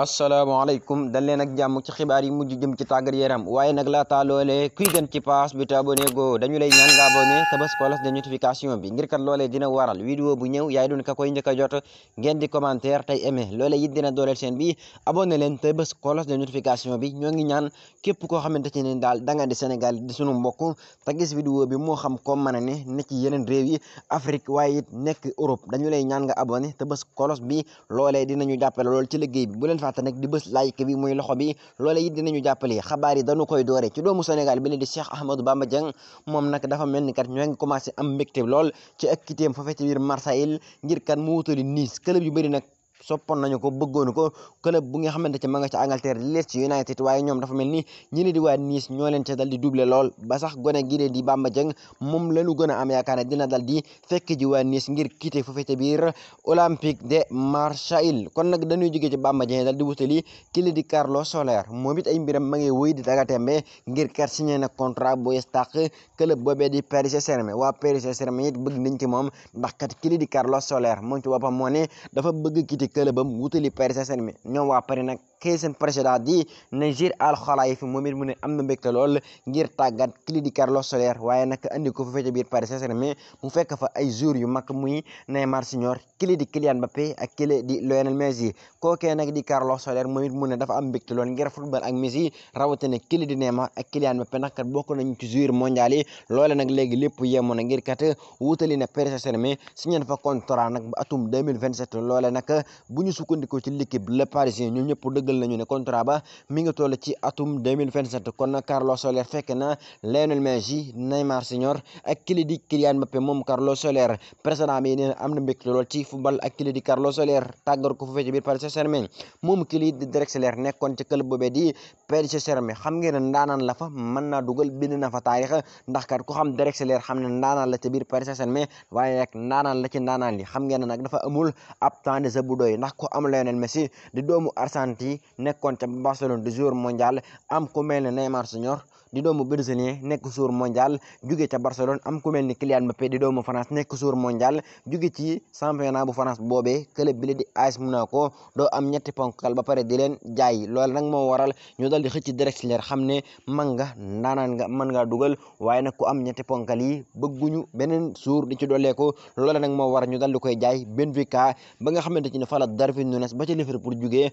asalaamaaleykum dal leen ak jàmm ci xibaar yi mujj jëm ci tàggat yaram waaye nag laataa loolee kuy gën ci paas bi te abonné go dañu lay ñaan nga abonné te bés kolos de notification bi ngir kat loolee dina waral vidéo bu ñëw yaay doon ka koy njëkk a jot ngeen di commentaire tey aimé loolee it dina dooleel koo xamante ci ne daal da di Sénégal di sunu mbokk te gis bi moo xam ko mën a ne ne ci yeneen réew yi Afrique waaye it nekk Europe dañu lay ñaan nga abonné te bés bi lool ci liggéey bi bu leen fàtte nag di bës like bi muy loxo bi loola it dinañu jàppale xabaar yi dañu koy doore ci doomu Sénégal bi la di Cheikh Ahmadou Bamba Dieng moom nag dafa mel ni kat ñoo ngi commencé am mbégte lool ci ak kitéem foofee ci biir Marseille ngir kan mu wutali Nice club yu bëri nag soppoon nañu ko bëggoon ko club bu nga xamante ci ma nga ci Angleterre di Leeds United waaye ñoom dafa mel ni di waa Nice ñoo leen ca dal lool ba sax gone gi di Bamba Dieng moom lañu gën a am yaakaar ne dina dal di fekk ji waa Nice ngir quitté foofu ca biir Olympique de Marseille kon nag dañuy jógee ci Bamba Dieng dal di wutali kili di Carlos Soler moom it ay ma ngi wëy di dagatembe ngir kat signé contrat bu yees tàq club di Paris Saint-Germain waa Paris Saint-Germain it bëgg nañ ci moom ndax kat kili di Carlos Soler moom ci boppam moo dafa bëgg quitté ci club am wutali Paris Saint-Germain ñoom waa Paris nag xëy seen président di Nasser Al-Khelaifi moom it mu ne am na mbégte lool ngir tàggat kii di Carlos Soler waaye nag andi ko fa ca biir Paris mu fekk fa ay joueurs yu mag muy Neymar Senior kii di Kylian Mbappé ak kii di Lionel Messi kookee nag di Carlos Soler moom mu ne dafa am mbégte lool ngir football ak Messi rawatina kii di Neymar ak Kylian Mbappé nag kat bokk nañu ci joueurs mondial yi loole nag léegi lépp yemoon na kat wutali na Paris yëgal nañu ne contrat ba mi ngi ci atum 2027 kon Carlos Soler fekk na Lionel Neymar Senior ak kii di Kylian moom Carlos Soler président am na mbégte ci football ak Carlos Soler tàggat ko foofee moom kii di Drexler nekkoon ci club boobee di Paris Saint-Germain xam ngeen la fa mën dugal bind fa taarix ndax kat ku xam Drexler xam ne la ci biir Paris Saint-Germain waaye nag la ci ndaanaan li xam ngeen nekkoon ca Barcelone du joueur mondial am ku mel ne Neymar di doomu brésilien nekk joueur mondial jóge ca Barcelone am ku mel ni Kylian di doomu France nekk joueur mondial jóge bu France boobee club bi la di AS Monaco doo am ñetti ponkal ba pare di jaay loolu nag moo waral ñu dal di xëcc direct leer xam ne man nga ndaanaan nga mën ngaa dugal waaye nag ku am ñetti ponkal yi bëgguñu beneen jour di ci dooleeku loolu nag moo waral ñu dal di koy jaay Benfica ba nga ba ci Liverpool jógee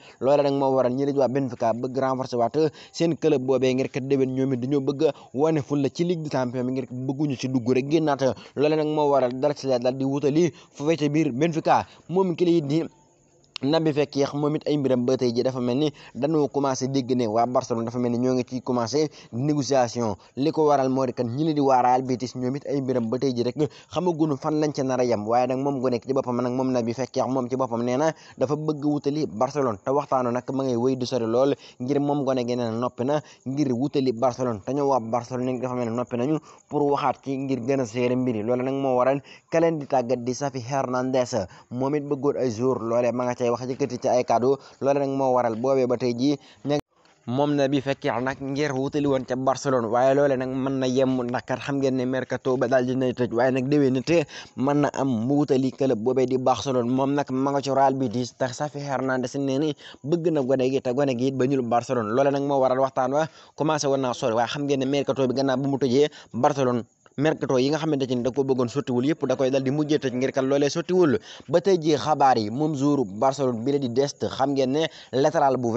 seen club boobee ngir kat déwén ñoom it dañoo bëgg a wane ful la ci ligue des champions bi ngir bëgguñu ci dugg rek génnaat loole nag moo waral dara ci daal di wutali foofee ca biir Benfica moom ki lay di Naby Fekir moom it ay mbiram ba tey ji dafa mel ni dañoo commencé dégg ne waa Barcelone dafa mel ni ñoo ngi ciy commencé négociation li ko waral moo di kat ñi li di waa Real Betis ñoom it fan lañ ca nar a yem waaye nag moom gu nekk ci dafa bëgg wutali Barcelone te waxtaano nag ma ngay wéy du lool ngir moom gone gi nee na noppi na ngir wutali Barcelone te ñoo waa Barcelone nag dafa mel ni noppi nañu pour waxaat ci ngir gën a seere mbir yi loolu moo waral kaleen di di Xavi Hernandez moom it bëggoon ay jour loolee ma nga wax yëkkati ci ay kàddu loolu nag moo waral boobee ba tey jii moom na bi fekkee nag ngir wutali woon ca Barcelone waaye loole nag mën yem ndax kat ngeen ne mercato ba daal di nay tëj waaye nag déwén nite mën am mu wutali club di Barcelone moom nag ma nga ci Real Betis tax Xavi Hernandez nee ni bëgg na gone gi te gone gi ba ñul Barcelone loole nag moo waral waxtaan wa commencé woon naa sori waaye xam ngeen ne mercato bi gannaaw bu mu tëjee Barcelone mercato yi nga xamante ni da ko bëggoon sottiwul yëpp da koy dal di mujjee tëj ngir kat loolee sottiwul ba tey jii xabaar yi moom jour Barcelone di dest xam ngeen ne latéral bu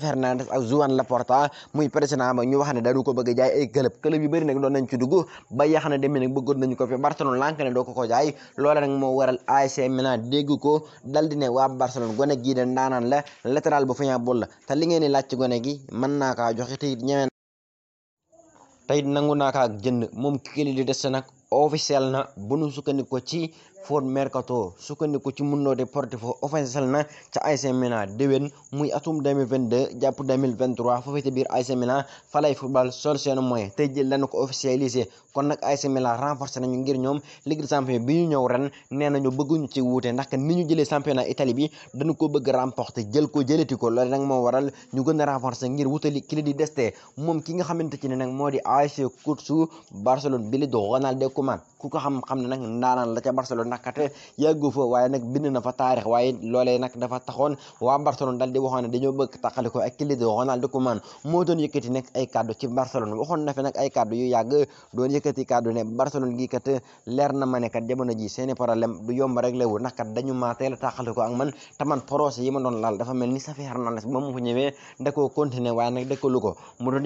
Fernandes ak Joan Laporta muy président ba ñu wax ne ko bëgg jaay ay club club yu bëri nag doon nañ ci dugg ba yàq na demee nag bëggoon nañu ko fi Barcelone lànk ne doo ko ko jaay loolee nag moo waral AC Milan dégg ko dal ne waa Barcelone gone gii de ndaanaan la latéral bu confiant la te li ngeen di laaj ci gone gi mën naa kaa joxe te it ñeme te nangu naa kaa jënd moom Kikili na bu nu sukkandiku Ford Mercato sukkandiku ci Mundo Deportivo officiel na ca AC Milan déwén muy atum 2022 jàpp 2023 foofee ci biir AC Milan falay football sol seen moyen tey jël lañu ko officialisé kon nag AC Milan nañu ngir ñoom Ligue des bi ñu ñëw ren nee nañu bëgguñu ci wuute ndax ni ñu jëlee championnat Italie bi dañu bëgg remporter a renforcer ngir wutali ki di deste moom ki nga xamante ci ne moo di AS Kutu Barcelone bi li nag kat yàggu fa waaye nag bind na fa taarix waaye loolee nag dafa taxoon waa Barcelone daal di waxoon ne dañoo bëgg tàqali ko ak kii di Ronald Koeman moo doon yëkkati nag man te man yi ma doon laal dafa ni Xavi Hernandez ba mu ko ñëwee da koo continuer waaye nag dëkkalu ko mu doon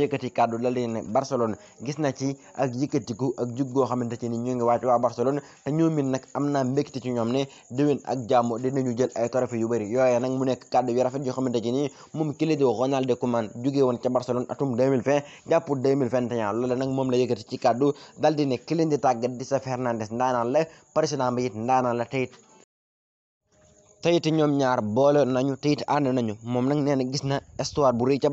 dal di ne Barcelone gis na ci ak yëkkatiku ak jug goo xamante ci ni ñu ngi waaj waa Barcelone te ñoomin nag am naa mbégte ci ñoom ne déwén ak jàmm dinañu jël ay trophée yu bëri yooye nag mu nekk kàddu yu rafet yoo xamante ci nii moom kili di Ronald Koeman jógee woon ca Barcelone atum 2020 jàpp 2021 loolu nag moom la yëkkati ci kàddu dal ne ki leen di sa Fernandes ndaanaan la président bi it ndaanaan ñoom ñaar boole nañu teyit ànd nañu moom nag nee na gis na histoire bu rëy ca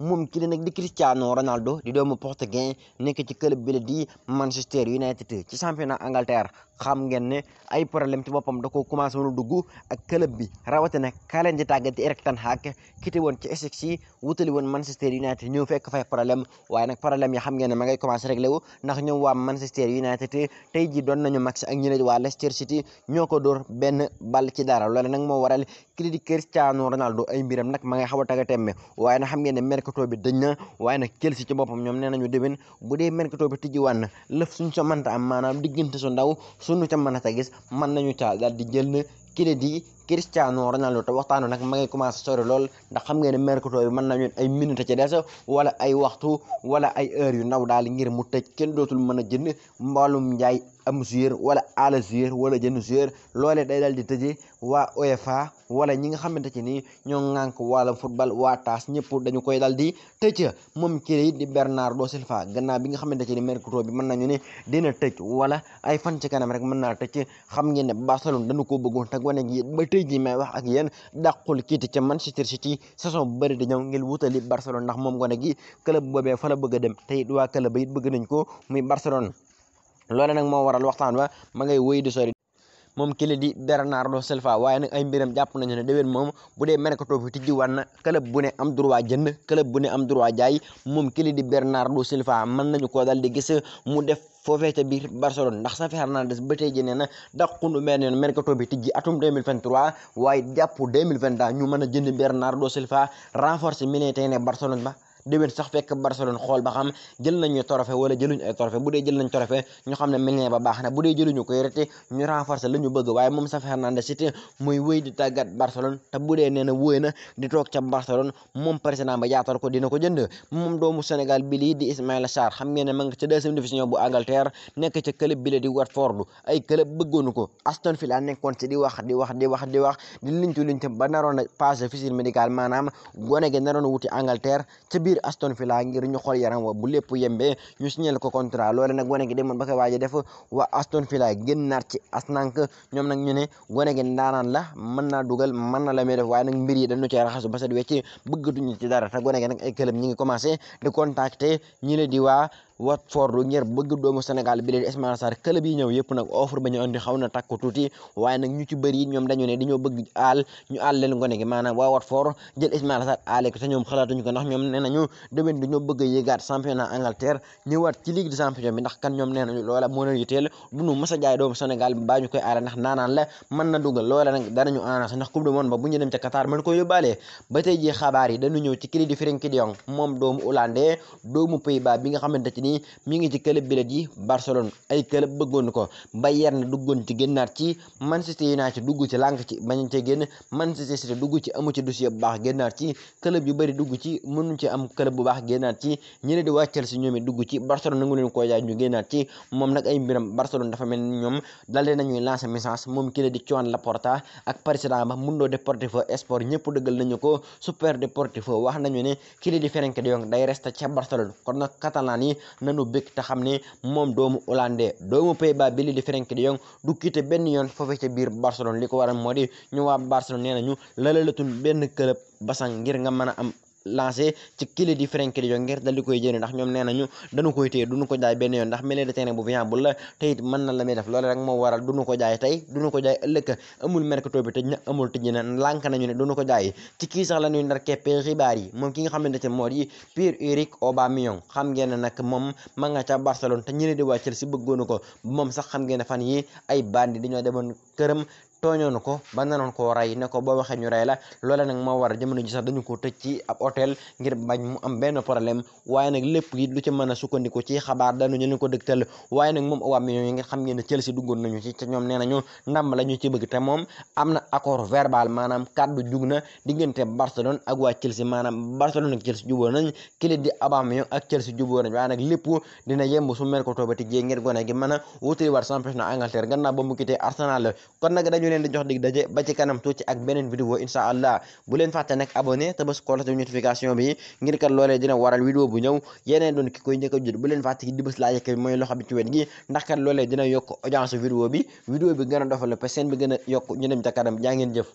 moom ki la nag di Cristiano Ronaldo di doomu portugais nekk ci club bi la di Manchester United ci na Angleterre xam ngeen ne ay problème ci boppam da ko commencé woon dugg ak club bi rawatina kaa leen di tàggati Erik ten Hag kite woon ci Essex yi wutali woon Manchester United ñëw fekk fay problème waaye nag problème yi xam ngeen ne ma ngay commencé réglé wu ndax ñoom waa Manchester United tey ji doon ñu max ak ñeneen waa Leicester City ñoo ko door benn bal ci dara loolu nag moo waral kii di Cristiano Ronaldo ay mbiram nag ma ngay xaw a taga temme waaye nag xam ngeen ne mercato bi dañ na waaye nag ñoom nee nañu déwén bu dee mercato bi tijjiwaan na lëf suñ sa mënta am maanaam diggante ndaw suñu ca mën a nañu caa daal di jël Cristiano Ronaldo te waxtaanu nag ma ngay commencé sori lool ndax xam ngeen ne mercato bi mën nañu wala ay heure yu ndaw daal ngir mu tëj kenn dootul mën a jënd mbalum njaay am joueur wala ala joueur wala jënd joueur loolee day daal di tëje waa UEFA wala ñi nga xamante ci nii ñoo ŋànk wàllum waa taas ñëpp dañu koy daal di tëj moom kii di Bernardo Silva gannaaw bi nga xamante ci ni mercato bi mën nañu ne dina tëj wala ay fan ci kanam rek mën naa tëj xam ngeen ne Barcelone dañu ko bëggoon te gone gi ba tey tey jii may wax ak yéen dàqul kiiti ca Manchester City saison bu bëri di ñëw wutali Barcelone ndax moom gone gi club boobee fa la bëgg a dem te waa club ba it bëgg nañ ko muy Barcelone loole nag moo waral waxtaan wa ma ngay wéy di sori moom kii la di Bernardo Silva waaye nag ay mbiram jàpp nañu ne déwén moom bu dee mercato bi tijjiwaat na club bu ne am droit jënd club bu ne am droit jaay moom kii la di Bernardo Silva mën nañu koo dal di gis mu def foofee ca biir Barcelone ndax Xavi Hernandez ba tey ji nee na daqundu mel ne mercato bi tijji atum 2023 waaye jàpp 2020 ñu mën a jënd Bernardo Silva renforcer militaire ne Barcelone ba déwén sax fekk Barcelone xool ba xam jël nañu trophée wala jëluñu jël nañ trophée ñu xam ne Milien ba baax bu dee jëluñu ko rete ñu renforcer la ñu bëgg waaye moom Xavi Hernandez it muy wéy di tàggat Barcelone te bu dee nee na di toog ca Barcelone moom président ba yaatal ko dina ko jënd moom doomu Sénégal bi lii di Ismaïla Sarr xam ngeen ne ma nga ca deuxième division bu Angleterre nekk ca club bi la di Watford ay club bëggoonu ko Aston wax di wax di wax di wax di lintu lintu ba a passé visite médicale maanaam biir Aston Villa ngir ñu xool yaram wa bu lépp yembe ñu signal ko contrat loole nag gone gi demoon ba ko waaje def waa Aston Villa génnaat ci ñoom nag ñu gone gi ndaanaan la mën naa dugal mën na la may def waaye nag mbir yi dañu ci raxasu ba set wecc bëggatuñu ci dara gone gi nag ñi ngi commencé di contacter ñi di waa Watford ngir bëgg doomu Sénégal bi leen Ismaïla Sarr yi ñëw yëpp nag offre ba ñu andi xaw na takku waaye nag ñu ci bëri ñoom bëgg aal ñu aal leen gone gi maanaam waa Watford jël a ci ligue des champions bi ndax kan ñoom nee nañu loola moo du ñu mës doomu Sénégal bi ñu koy aale ndax naanaan la mën na dugal loola nag danañu ananas ndax coupe du monde ba bu ñu dem ca Qatar mën ko yóbbaale ba tey ji xabaar yi dañu ñëw ci kii di Frenkie nii mi ngi ci club bi la di Barcelone ay club bëggoon ko Bayern duggoon ci génnaat ci Manchester United dugg ci lànk ci bañ ci génn Manchester dugg ci amu ci dossier bu baax génnaat ci club yu bëri dugg ci mënuñ ci am club bu baax génnaat ci ñeneen di wàccal si ñoom it dugg ci Barcelone nangu leen koo jaay ñu génnaat ci moom nag ay mbiram Barcelone dafa mel ni ñoom dalee nañuy lancer message moom ki la di Joan Laporta ak président ba Mundo Deportivo Sport ñëpp dëggal nañu ko Super foo wax nañu ne ki la di Frenkie de day resta ca Barcelone kon nag catalan yi nanu bëgg te xam ne moom doomu hollandais doomu Pays-Bas bi li di Frenkie de du quitté benn yoon foofee ca biir Barcelone li ko waral moo di ñu waa Barcelone nee nañu lëlalatun benn club basang ngir nga mën a am lancé ci kili di Frenkie de Jong ngir dal koy jënd ndax ñoom nee nañu dañu koy téye duñu ko jaay benn yoon ndax milieu de terrain bu viable la te it na la muy def loolu rek moo waral duñu ko jaay tey duñu ko jaay ëllëg amul mercato bi tëj na amul tëj na lànk nañu ne duñu ko jaay ci kii sax la ñuy ndar keppee xibaar yi moom ki nga xamante ne moo di Pierre-Emerick nag moom ma nga ca Barcelone te ñeneen di waa Chelsea bëggoonu ko moom sax xam ngeen fan yi ay bandi dañoo demoon këram tooñoon ko ba nanoon koo rey ne ko boo waxee ñu rey la loola nag moo war jamono ji dañu ko tëj ab hôtel ngir bañ mu am benn problème waaye nag lépp it lu ci mën a sukkandiku ci xabaar danu ñu leen ko dëgtal waaye nag moom awaa millions yi nga xam ngeen ne Chelsea duggoon nañu ci ca ñoom nee nañu ndam ñu ci bëgg te moom am na accord verbal maanaam kàddu jug na diggante Barcelone ak waa Chelsea maanaam Barcelone ak Chelsea juboo nañ kili di Aubameyang ak Chelsea juboo nañ waaye nag lépp dina yemb su mercato ba tijjee ngir gone gi mën a wutali war championnat Angleterre gannaaw ba mu quitté Arsenal kon nag dañu ngi leen jox dig daje ba ci kanam tuuti ak beneen vidéo incha allah bu leen fàtte nag abonné te bës cloche de bi ngir kat loolee dina waral vidéo bu ñëw yeneen doon ki koy njëkk a jot bu leen fàtte ki di bës laa yëkk bi loxo bi ci wet gi ndax kat loolee dina yokk audience vidéo bi vidéo bi gën a développé bi gën yokk ñu dem jëf